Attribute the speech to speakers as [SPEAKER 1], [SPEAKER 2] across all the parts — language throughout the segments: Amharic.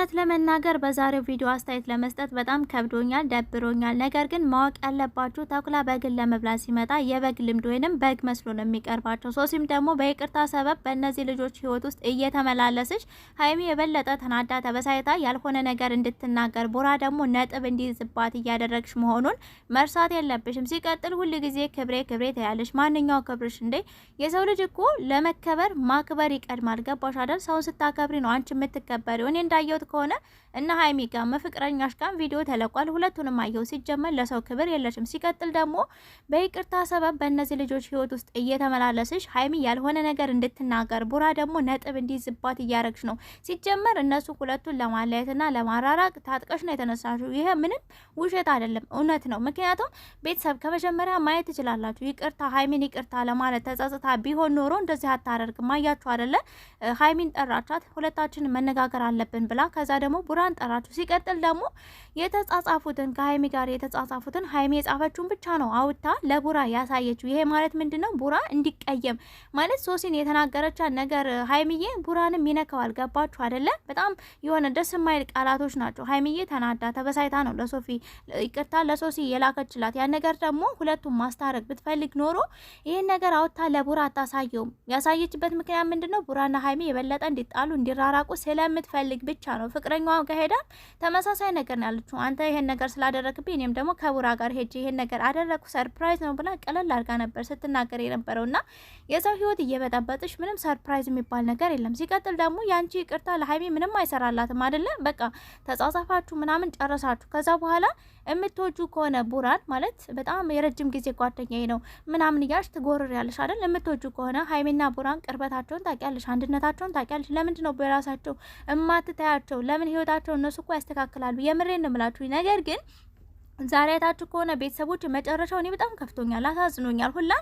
[SPEAKER 1] እውነት ለመናገር በዛሬው ቪዲዮ አስተያየት ለመስጠት በጣም ከብዶኛል፣ ደብሮኛል። ነገር ግን ማወቅ ያለባችሁ ተኩላ በግን ለመብላት ሲመጣ የበግ ልምድ ወይንም በግ መስሎ ነው የሚቀርባቸው። ሶሲም ደግሞ በይቅርታ ሰበብ በእነዚህ ልጆች ህይወት ውስጥ እየተመላለሰች ሀይሚ የበለጠ ተናዳ ተበሳይታ ያልሆነ ነገር እንድትናገር፣ ቦራ ደግሞ ነጥብ እንዲይዝባት እያደረግሽ መሆኑን መርሳት የለብሽም። ሲቀጥል ሁል ጊዜ ክብሬ ክብሬ ትያለሽ። ማንኛው ክብርሽ እንዴ? የሰው ልጅ እኮ ለመከበር ማክበር ይቀድማል። ገባሽ አይደል? ሰውን ስታከብሪ ነው አንቺ የምትከበሪው። እኔ እንዳየሁት ከሆነ እና ሀይሚ ጋር መፍቅረኛሽ ጋር ቪዲዮ ተለቋል። ሁለቱንም አየው። ሲጀመር ለሰው ክብር የለሽም። ሲቀጥል ደግሞ በይቅርታ ሰበብ በእነዚህ ልጆች ህይወት ውስጥ እየተመላለስሽ ሀይሚ ያልሆነ ነገር እንድትናገር፣ ቡራ ደግሞ ነጥብ እንዲዝባት እያረግሽ ነው። ሲጀመር እነሱ ሁለቱን ለማለየትና ለማራራቅ ታጥቀሽ ነው የተነሳሽው። ይሄ ምንም ውሸት አይደለም፣ እውነት ነው። ምክንያቱም ቤተሰብ ከመጀመሪያ ማየት ትችላላችሁ። ይቅርታ ሀይሚን ይቅርታ ለማለት ተጸጽታ ቢሆን ኖሮ እንደዚህ አታደርግም። አያችሁ አይደለ? ሀይሚን ጠራቻት፣ ሁለታችን መነጋገር አለብን ብላ ከዛ ደግሞ ቡራን ጠራችሁ። ሲቀጥል ደግሞ የተጻጻፉትን ከሀይሚ ጋር የተጻጻፉትን ሀይሚ የጻፈችውን ብቻ ነው አውታ ለቡራ ያሳየችው። ይሄ ማለት ምንድን ነው? ቡራ እንዲቀየም ማለት ሶሲን የተናገረቻት ነገር ሀይሚዬ ቡራንም ይነከዋል። ገባችሁ አይደለም? በጣም የሆነ ደስ የማይል ቃላቶች ናቸው። ሀይሚዬ ተናዳ ተበሳይታ ነው ለሶፊ ይቅርታ ለሶሲ የላከችላት። ያን ነገር ደግሞ ሁለቱም ማስታረቅ ብትፈልግ ኖሮ ይህን ነገር አውታ ለቡራ አታሳየውም። ያሳየችበት ምክንያት ምንድን ነው? ቡራና ሀይሚ የበለጠ እንዲጣሉ እንዲራራቁ ስለምትፈልግ ብቻ ነው። ፍቅረኛዋ ጋር ሄዳ ተመሳሳይ ነገር ነው ያለችው። አንተ ይሄን ነገር ስላደረግብኝ እኔም ደግሞ ከቡራ ጋር ሄጄ ይሄን ነገር አደረግኩ ሰርፕራይዝ ነው ብላ ቀለል አድርጋ ነበር ስትናገር የነበረው እና የሰው ህይወት እየበጠበጥሽ ምንም ሰርፕራይዝ የሚባል ነገር የለም። ሲቀጥል ደግሞ የአንቺ ይቅርታ ለሀይሜ ምንም አይሰራላትም አይደለ? በቃ ተጻጻፋችሁ ምናምን ጨረሳችሁ። ከዛ በኋላ የምትወጁ ከሆነ ቡራን ማለት በጣም የረጅም ጊዜ ጓደኛዬ ነው ምናምን እያልሽ ትጎርር ያለሽ አይደል? የምትወጁ ከሆነ ሀይሜና ቡራን ቅርበታቸውን ታውቂያለሽ፣ አንድነታቸውን ታውቂያለሽ። ለምንድን ነው በራሳቸው እማትታያቸው? ለምን ህይወታቸው እነሱ እኮ ያስተካክላሉ። የምሬን ነው የምላችሁ ነገር ግን ዛሬ አይታችሁ ከሆነ ቤተሰቦች መጨረሻው እኔ በጣም ከፍቶኛል፣ አሳዝኖኛል ሁላ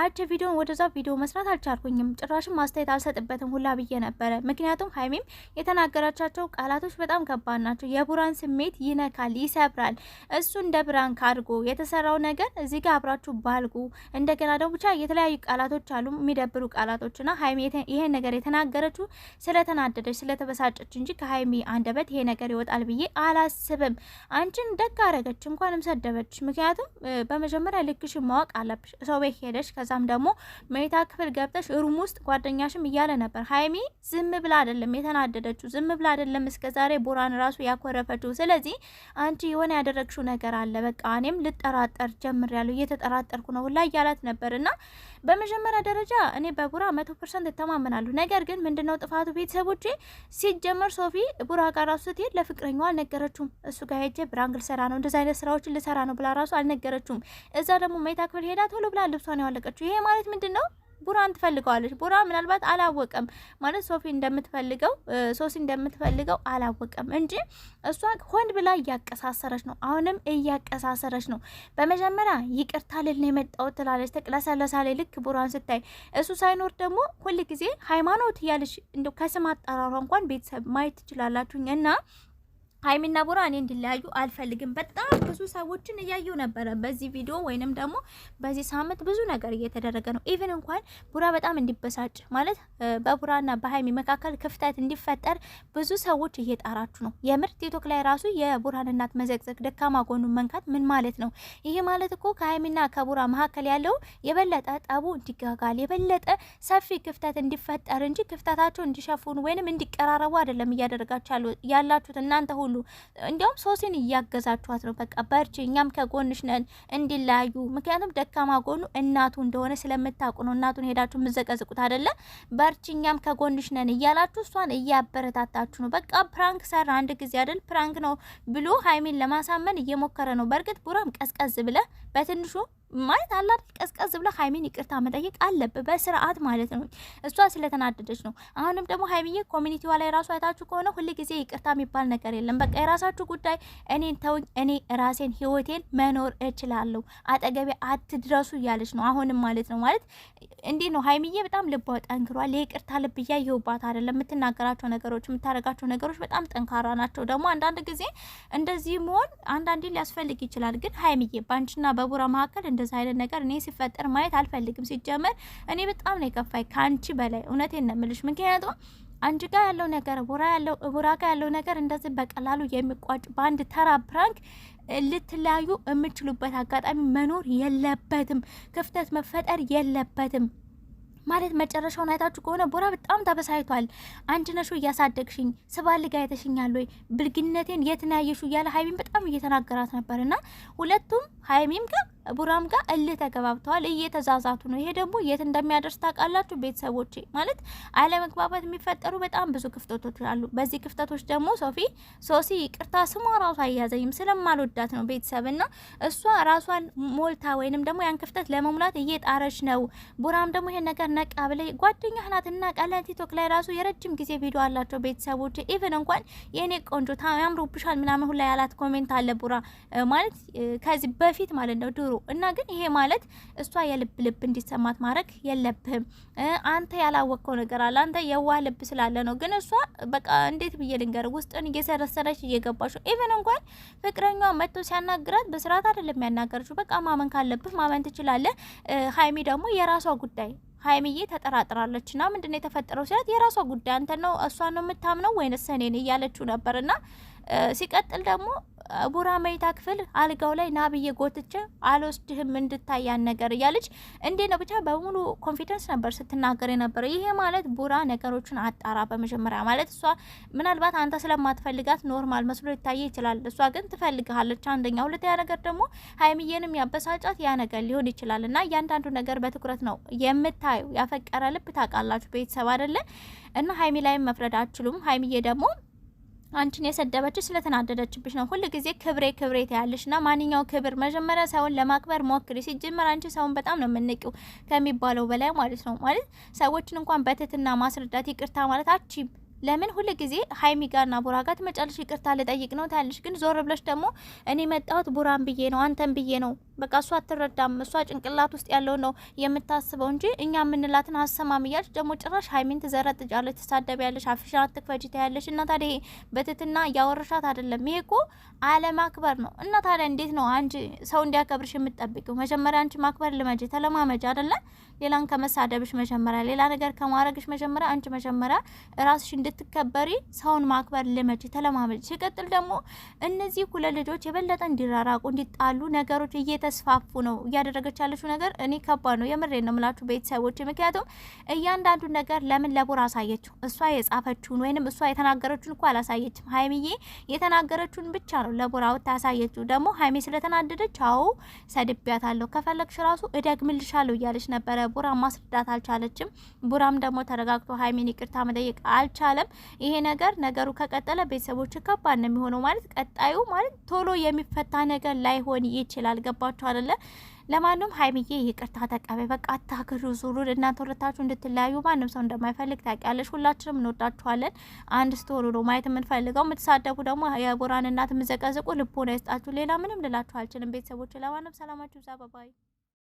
[SPEAKER 1] አይቼ ቪዲዮን ወደዛ ቪዲዮ መስራት አልቻልኩኝም። ጭራሽም ማስተያየት አልሰጥበትም ሁላ ብዬ ነበረ። ምክንያቱም ሀይሜም የተናገራቻቸው ቃላቶች በጣም ከባድ ናቸው። የቡራን ስሜት ይነካል፣ ይሰብራል። እሱ እንደ ብራን ካድርጎ የተሰራው ነገር እዚህ ጋር አብራችሁ ባልጉ። እንደገና ደግሞ ብቻ የተለያዩ ቃላቶች አሉ፣ የሚደብሩ ቃላቶች ና ሀይሜ ይሄን ነገር የተናገረችው ስለተናደደች ስለተበሳጨች እንጂ ከሀይሜ አንደበት ይሄ ነገር ይወጣል ብዬ አላስብም። አንቺን ደግ አረገችም እንኳንም ሰደበች። ምክንያቱም በመጀመሪያ ልክሽን ማወቅ አለብሽ። ሰው ቤት ሄደሽ ከዛም ደግሞ መኝታ ክፍል ገብተሽ ሩም ውስጥ ጓደኛሽም እያለ ነበር። ሀይሚ ዝም ብላ አይደለም የተናደደችው፣ ዝም ብላ አይደለም እስከዛሬ ቦራን ራሱ ያኮረፈችው። ስለዚህ አንቺ የሆነ ያደረግሽው ነገር አለ፣ በቃ እኔም ልጠራጠር ጀምሬያለሁ፣ እየተጠራጠርኩ ነው ሁላ እያላት ነበር። እና በመጀመሪያ ደረጃ እኔ በቡራ መቶ ፐርሰንት እተማመናለሁ። ነገር ግን ምንድነው ጥፋቱ? ቤተሰቦቼ ሲጀመር ሶፊ ቡራ ጋር ራሱ ስትሄድ ለፍቅረኛዋ አልነገረችውም። እሱ ጋር ሄጄ ብራንግል ሰራ ነው እንደዚ አይነት ስራ ስራዎችን ልሰራ ነው ብላ ራሱ አልነገረችውም። እዛ ደግሞ መኝታ ክፍል ሄዳ ቶሎ ብላ ልብሷን ያዋለቀችው። ይሄ ማለት ምንድን ነው? ቡራን ትፈልገዋለች። ቡራ ምናልባት አላወቀም ማለት ሶፊ እንደምትፈልገው ሶሲ እንደምትፈልገው አላወቀም እንጂ እሷ ሆን ብላ እያቀሳሰረች ነው። አሁንም እያቀሳሰረች ነው። በመጀመሪያ ይቅርታ ልል ነው የመጣው ትላለች። ላይ ልክ ቡራን ስታይ እሱ ሳይኖር ደግሞ ሁል ጊዜ ሃይማኖት እያለች እንደው ከስም አጠራሯ እንኳን ቤተሰብ ማየት ትችላላችሁኝ እና ሀይሚና ቡራ እኔ እንዲለያዩ አልፈልግም። በጣም ብዙ ሰዎችን እያየው ነበረ። በዚህ ቪዲዮ ወይንም ደግሞ በዚህ ሳምንት ብዙ ነገር እየተደረገ ነው። ኢቨን እንኳን ቡራ በጣም እንዲበሳጭ ማለት በቡራና በሀይሚ መካከል ክፍተት እንዲፈጠር ብዙ ሰዎች እየጣራችሁ ነው። የምር ቲክቶክ ላይ ራሱ የቡራን እናት መዘግዘግ፣ ደካማ ጎኑን መንካት ምን ማለት ነው? ይሄ ማለት እኮ ከሀይሚና ከቡራ መካከል ያለው የበለጠ ጠቡ እንዲጋጋል የበለጠ ሰፊ ክፍተት እንዲፈጠር እንጂ ክፍተታቸው እንዲሸፉን ወይንም እንዲቀራረቡ አይደለም እያደረጋችሁ ያላችሁት እናንተ ሁሉ ሁሉ እንዲያውም ሶሲን እያገዛችኋት ነው። በቃ በርቺ፣ እኛም ከጎንሽ ነን እንዲለያዩ። ምክንያቱም ደካማ ጎኑ እናቱ እንደሆነ ስለምታውቁ ነው። እናቱን ሄዳችሁ የምዘቀዝቁት አይደለ? በርቺ፣ እኛም ከጎንሽ ነን እያላችሁ እሷን እያበረታታችሁ ነው። በቃ ፕራንክ ሰራ አንድ ጊዜ አይደል? ፕራንክ ነው ብሎ ሀይሚን ለማሳመን እየሞከረ ነው። በእርግጥ ቡራም ቀዝቀዝ ብለ በትንሹ ማለት አላል ቀዝቀዝ ብለ ሀይሚን ይቅርታ መጠየቅ አለብ በስርዓት ማለት ነው። እሷ ስለተናደደች ነው። አሁንም ደግሞ ሀይሚዬ ኮሚኒቲዋ ላይ ራሱ አይታችሁ ከሆነ ጊዜ ይቅርታ የሚባል ነገር የለም። በቃ የራሳችሁ ጉዳይ፣ እኔን ተውኝ፣ እኔ ራሴን ህይወቴን መኖር እችላለሁ፣ አጠገቤ አትድረሱ እያለች ነው አሁንም ማለት ነው። ማለት እንዲህ ነው ሀይሚዬ በጣም ልቧ ጠንክሯል። የይቅርታ ልብ እያየሁባት አይደለም። የምትናገራቸው ነገሮች፣ የምታደርጋቸው ነገሮች በጣም ጠንካራ ናቸው። ደግሞ አንዳንድ ጊዜ እንደዚህ መሆን አንዳንዴ ሊያስፈልግ ይችላል። ግን ሀይሚዬ በአንችና በቡራ መካከል እንደዛ አይነት ነገር እኔ ሲፈጠር ማየት አልፈልግም። ሲጀመር እኔ በጣም ነው የከፋኝ ከአንቺ በላይ እውነቴን ነው የምልሽ። ምክንያቱም አንቺ ጋር ያለው ነገር ቡራ ያለው ቡራ ጋር ያለው ነገር እንደዚህ በቀላሉ የሚቋጭ በአንድ ተራ ፕራንክ ልትለያዩ የምችሉበት አጋጣሚ መኖር የለበትም። ክፍተት መፈጠር የለበትም። ማለት መጨረሻውን አይታችሁ ከሆነ ቦራ በጣም ተበሳይቷል። አንቺ ነሹ እያሳደግሽኝ ስባልጋ አይተሽኛል ወይ ብልግነቴን የትናየሹ እያለ ሀይሚም በጣም እየተናገራት ነበር እና ሁለቱም ሀይሚም ጋር ቡራም ጋር እልህ ተገባብተዋል፣ እየተዛዛቱ ነው። ይሄ ደግሞ የት እንደሚያደርስ ታውቃላችሁ ቤተሰቦቼ? ማለት አለመግባባት የሚፈጠሩ በጣም ብዙ ክፍተቶች አሉ። በዚህ ክፍተቶች ደግሞ ሶፊ ሶሲ ይቅርታ፣ ስሟ ራሱ አያዘኝም ስለማልወዳት ነው ቤተሰብ እሷ ራሷን ሞልታ ወይንም ደግሞ ያን ክፍተት ለመሙላት እየጣረች ነው። ቡራም ደግሞ ይሄን ነገር ነቃ ብለ ጓደኛ ህናት እና ቃለን ቲክቶክ ላይ ራሱ የረጅም ጊዜ ቪዲዮ አላቸው ቤተሰቦቼ። ኢቨን እንኳን የእኔ ቆንጆ ያምሮብሻል ምናምን ሁላ ያላት ኮሜንት አለ ቡራ ማለት ከዚህ በፊት ማለት ነው ጥሩ እና ግን ይሄ ማለት እሷ የልብ ልብ እንዲሰማት ማድረግ የለብህም። አንተ ያላወቅከው ነገር አለ። አንተ የዋህ ልብ ስላለ ነው። ግን እሷ በቃ እንዴት ብዬ ልንገር፣ ውስጥን እየሰረሰረች እየገባች ነው። ኢቨን እንኳን ፍቅረኛ መጥቶ ሲያናግራት በስርዓት አይደለም ያናገረችው። በቃ ማመን ካለብህ ማመን ትችላለህ። ሀይሚ ደግሞ የራሷ ጉዳይ ሀይሚዬ ተጠራጥራለች እና ምንድነው የተፈጠረው ሲላት የራሷ ጉዳይ አንተ ነው እሷ ነው የምታምነው ወይንስ እኔን እያለችው ነበር ና ሲቀጥል ደግሞ ቡራ መኝታ ክፍል አልጋው ላይ ናብዬ ጎትቼ አልወስድህም እንድታያን ነገር እያለች እንዴ ነው ብቻ በሙሉ ኮንፊደንስ ነበር ስትናገር የነበረ። ይሄ ማለት ቡራ ነገሮችን አጣራ በመጀመሪያ ማለት እሷ ምናልባት አንተ ስለማትፈልጋት ኖርማል መስሎ ይታየ ይችላል። እሷ ግን ትፈልግሃለች፣ አንደኛ። ሁለተኛ ነገር ደግሞ ሀይሚዬንም ያበሳጫት ያ ነገር ሊሆን ይችላል እና እያንዳንዱ ነገር በትኩረት ነው የምታዩ። ያፈቀረ ልብ ታውቃላችሁ ቤተሰብ አይደለ እና ሀይሚ ላይም መፍረድ አችሉም። ሀይሚዬ ደግሞ አንቺን የሰደበችሽ ስለተናደደችብሽ ነው። ሁል ጊዜ ክብሬ ክብሬ ትያለሽ ማንኛው ክብር መጀመሪያ ሰውን ለማክበር ሞክሪ። ሲጀመር አንቺ ሰውን በጣም ነው የምንቂው ከሚባለው በላይ ማለት ነው። ማለት ሰዎችን እንኳን በትትና ማስረዳት ይቅርታ ማለት አቺም ለምን ሁል ጊዜ ሀይሚ ጋርና ቡራ ጋር ትመጫለሽ? ይቅርታ ልጠይቅ ነው ታያለሽ። ግን ዞር ብለሽ ደግሞ እኔ መጣሁት ቡራን ብዬ ነው አንተን ብዬ ነው በቃ እሷ አትረዳም። እሷ ጭንቅላት ውስጥ ያለው ነው የምታስበው እንጂ እኛ የምንላትን አሰማም እያልሽ ደግሞ ጭራሽ ሀይሚን ትዘረጥጃለች፣ ትሳደብ አፍሽን አትክፈጂ ትያለሽ። እና ታዲያ በትትና እያወረሻት አይደለም፣ ይሄ እኮ አለማክበር ነው። እና ታዲያ እንዴት ነው አንቺ ሰው እንዲያከብርሽ የምትጠብቂው? መጀመሪያ አንቺ ማክበር ልመጅ፣ ተለማመጅ አይደለም ሌላን ከመሳደብሽ መጀመሪያ፣ ሌላ ነገር ከማድረግሽ መጀመሪያ አንቺ መጀመሪያ ራስሽ እንድትከበሪ ሰውን ማክበር ልመጅ፣ ተለማመጅ። ሲቀጥል ደግሞ እነዚህ ሁለት ልጆች የበለጠ እንዲራራቁ እንዲጣሉ ነገሮች እየተ እየተስፋፉ ነው እያደረገች ያለችው ነገር። እኔ ከባድ ነው የምሬ ነው ምላችሁ ቤተሰቦች። ምክንያቱም እያንዳንዱ ነገር ለምን ለቦራ አሳየችው? እሷ የጻፈችውን ወይንም እሷ የተናገረችውን እኮ አላሳየችም። ሀይሚዬ የተናገረችውን ብቻ ነው ለቦራ ወታ ያሳየችው። ደግሞ ሀይሜ ስለተናደደች አዎ ሰድቢያታለሁ፣ ከፈለግሽ ራሱ እደግምልሻለሁ እያለች ነበረ። ቡራ ማስረዳት አልቻለችም። ቡራም ደግሞ ተረጋግቶ ሀይሜን ይቅርታ መጠየቅ አልቻለም። ይሄ ነገር ነገሩ ከቀጠለ ቤተሰቦች ከባድ ነው የሚሆነው ማለት ቀጣዩ ማለት ቶሎ የሚፈታ ነገር ላይሆን ይችላል። ገባ ገባችሁ አይደለ? ለማንም ሀይሚዬ ይቅርታ ተቀበይ። በቃ አታክሩ ዙሩን። እናንተ ሁለታችሁ እንድትለያዩ ማንም ሰው እንደማይፈልግ ታውቂያለሽ። ሁላችንም እንወዳችኋለን። አንድ ስትሆኑ ነው ማየት የምንፈልገው። የምትሳደቡ ደግሞ የጎራን እናት የምዘቀዝቁ ልቦና ይስጣችሁ። ሌላ ምንም ልላችሁ አልችልም። ቤተሰቦች ለማንም ሰላማችሁ ዛ ባባይ